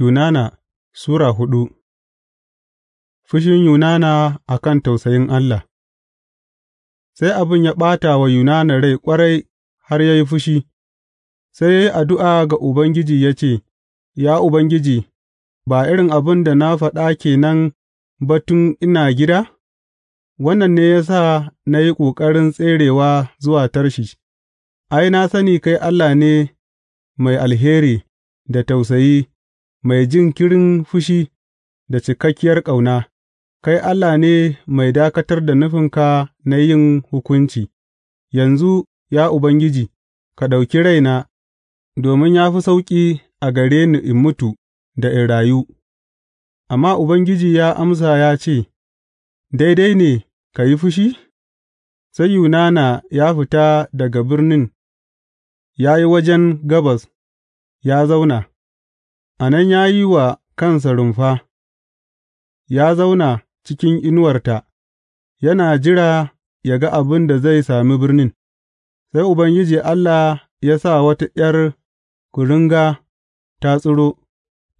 Yunana Sura hudu Fushin Yunana a kan tausayin Allah Sai abin ya ɓata wa Yunana rai ƙwarai har ya yi fushi, sai ya yi addu'a ga Ubangiji ya ce, Ya Ubangiji, ba irin abin da na faɗa ke nan ba ina gida? Wannan ne ya sa na yi ƙoƙarin tserewa zuwa tarshi ai, na sani kai Allah ne mai alheri da tausayi. mai jinkirin fushi da cikakkiyar ƙauna, kai Allah ne mai dakatar da nufinka na yin hukunci; yanzu, ya Ubangiji, ka ɗauki raina, domin ya fi sauƙi a gare ni in mutu da in rayu. Amma Ubangiji ya amsa ya ce, Daidai ne ka yi fushi? Sai Yunana ya fita daga birnin ya yi wajen gabas, ya zauna. A nan ya yi wa kansa rumfa, ya zauna cikin inuwarta, yana jira ya ga abin da zai sami birnin, sai Ubangiji Allah ya sa wata ’yar kuringa ta tsiro,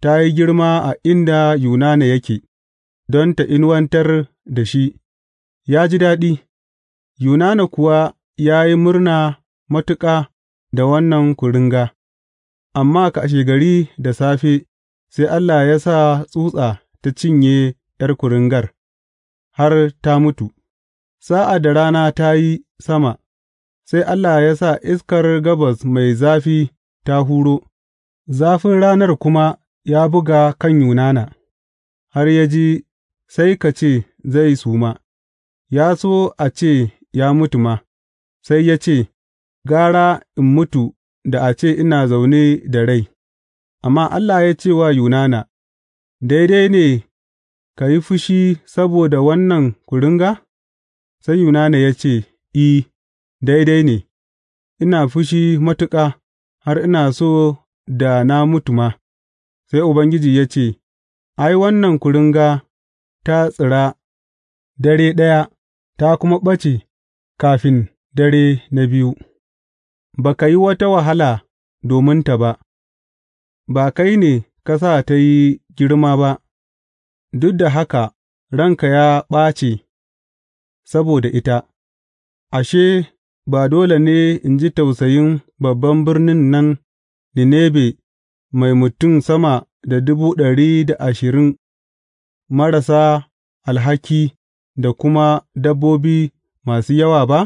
ta yi girma a inda Yunana yake, don ta inuwantar da shi, ya ji daɗi, Yunana kuwa ya yi murna matuƙa da wannan kuringa. Amma kashegari da safe, sai Allah ya sa tsutsa ta cinye ’yar kuringar, har ta mutu, sa'ad da rana ta yi sama, sai Allah ya sa iskar gabas mai zafi ta huro, zafin ranar kuma ya buga kan Yunana, har ya ji sai ka ce zai suma, ya so a ce ya mutu ma, sai ya ce, Gara in mutu da a ce ina zaune da rai, amma Allah ya ce wa Yunana, Daidai ne ka yi fushi saboda wannan kuringa? Sai Yunana ya ce, I, daidai ne, ina fushi matuƙa har ina so da na mutu ma, sai Ubangiji ya ce, Ai, wannan kuringa ta tsira dare ɗaya ta kuma ɓace kafin dare na biyu. ba ka yi wata wahala dominta ba, ba kai ne ka sa ta yi girma ba, duk da haka ranka ya ɓace saboda ita, ashe, ba dole ne in ji tausayin babban birnin nan Ninebe mai mutum sama da dubu ɗari da ashirin marasa alhaki da kuma dabbobi masu yawa ba?